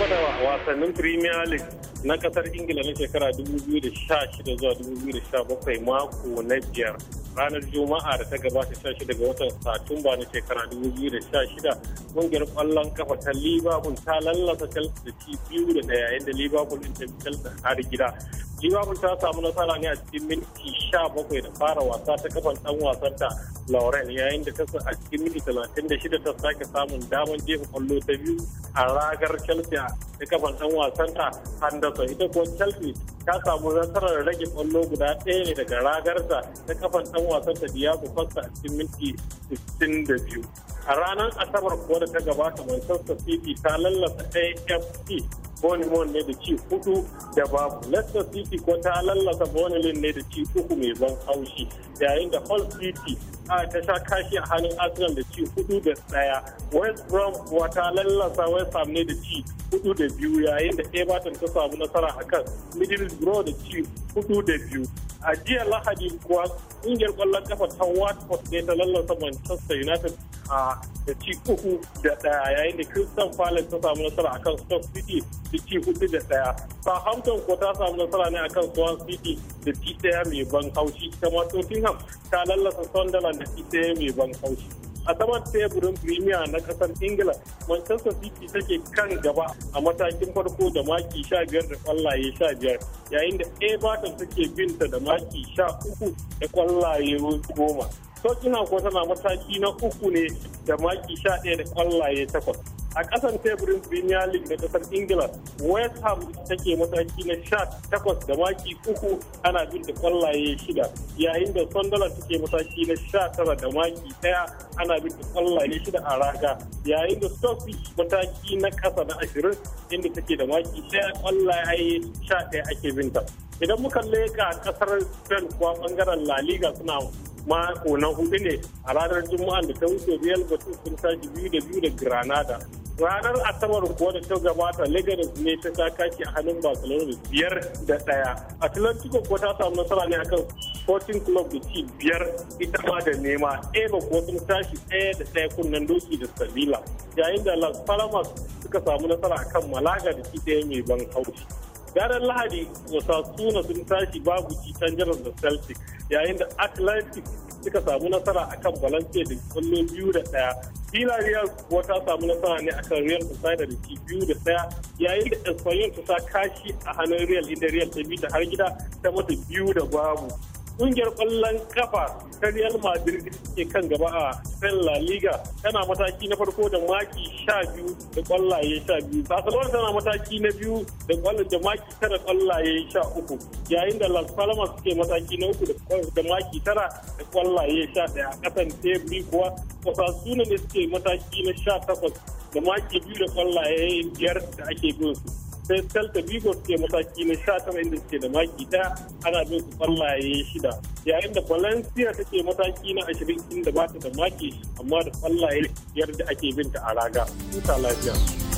gwada wasannin premier league na kasar ingila na shekara 2016 zuwa 2017 mako na biyar ranar juma'a da ta gabata 16 ga watan satumba na shekara 2016 ƙungiyar kwallon kafa ta liverpool ta lallasa chelsea da ci biyu da daya yayin da liverpool ta ta chelsea har gida liverpool ta samu nasara ne a cikin minti sha bakwai da fara wasa ta kafan dan wasan ta yayin da ta a cikin minti talatin ta sake samun damar jefa kwallo ta biyu a ragar chelsea ta kafan dan wasan ta henderson ita kuwa chelsea ta samu nasarar rage kwallo guda ɗaya ne daga ragarsa ta kafan dan wasan ta diago costa a cikin minti 62 a ranar asabar kuwa da ta gabata manchester city ta lallasa afc bonimon ne da ci hudu da babu Leicester City ko ta lallasa bonilin ne da ci uku mai ban haushi yayin da Hull City ta sha kashi a hannun Arsenal da ci hudu da daya. West Brom wata lallasa West Ham ne da ci hudu da biyu yayin da Everton ta samu nasara a kan Middlesbrough da ci hudu da biyu. A jiya Lahadi kuwa ƙungiyar ƙwallon kafa ta Watford ne ta lallasa Manchester United a da ci uku da ɗaya yayin da Crystal Palace ta samu nasara a kan Stoke City da ci hudu da ɗaya. Southampton ko ta samu nasara ne a kan swan City da ci ɗaya mai ban haushi. Ita ma Tottenham ta lallasa Sunderland da ita mai ban haushi a saman teburin premier na kasar ingila manchester city take kan gaba a matakin farko da maki sha biyar da kwallaye sha biyar yayin da everton take binta da maki sha uku da kwallaye goma Tokina Hanko tana mataki na uku ne da maki sha ɗaya da kwallaye takwas. A ƙasan teburin Premier League na ƙasar Ingila, West Ham take mataki na sha takwas da maki uku ana bin da kwallaye shida. Yayin da Sunderland take mataki na sha tara da maki ɗaya ana bin da kwallaye shida a raga. Yayin da Stoke mataki na ƙasa na ashirin inda take da maki ɗaya kwallaye sha ɗaya ake binta. Idan muka a ƙasar Spain kuwa ɓangaren La Liga suna mako na hudu ne a ranar juma'a da ta wuce real batun sun tashi biyu da biyu da granada ranar asabar kuwa da ta gabata legas ne ta ta kaki a hannun barcelona biyar da daya atlantico kuwa ta samu nasara ne akan 14 club da ci biyar ita ma da nema eba kuwa sun tashi ɗaya da ɗaya kunnen doki da sabila yayin da las palamas suka samu nasara akan malaga da ci ɗaya mai ban haushi ranar lahadi suna sun tashi babu ci canjarar da celtic yayin da atlantic suka samu nasara akan valencia da kwallo biyu da daya villarreal kuwa ta samu nasara ne akan real sociedad da ke biyu da daya yayin da espanyol ta sa kashi a hannun real inda real ta bi ta har gida ta mata biyu da babu kungiyar kwallon kafa ta Real Madrid ke kan gaba a San La Liga tana mataki na farko da maki sha biyu da kwallaye sha biyu. Barcelona tana mataki na biyu da kwallon da maki tara kwallaye sha uku. Yayin da Las Palmas ke mataki na uku da maki tara da kwallaye sha daya. Kasan teburi kuwa Osasuna ne suke mataki na sha takwas da maki biyu da kwallaye biyar da ake bin su. sai celta vigo ke mataki na sha tara inda suke da maki ɗaya ana bin su kwallaye shida yayin da valencia take mataki na ashirin inda ba ta da maki amma da kwallaye biyar da ake binta a raga. Huta lafiya.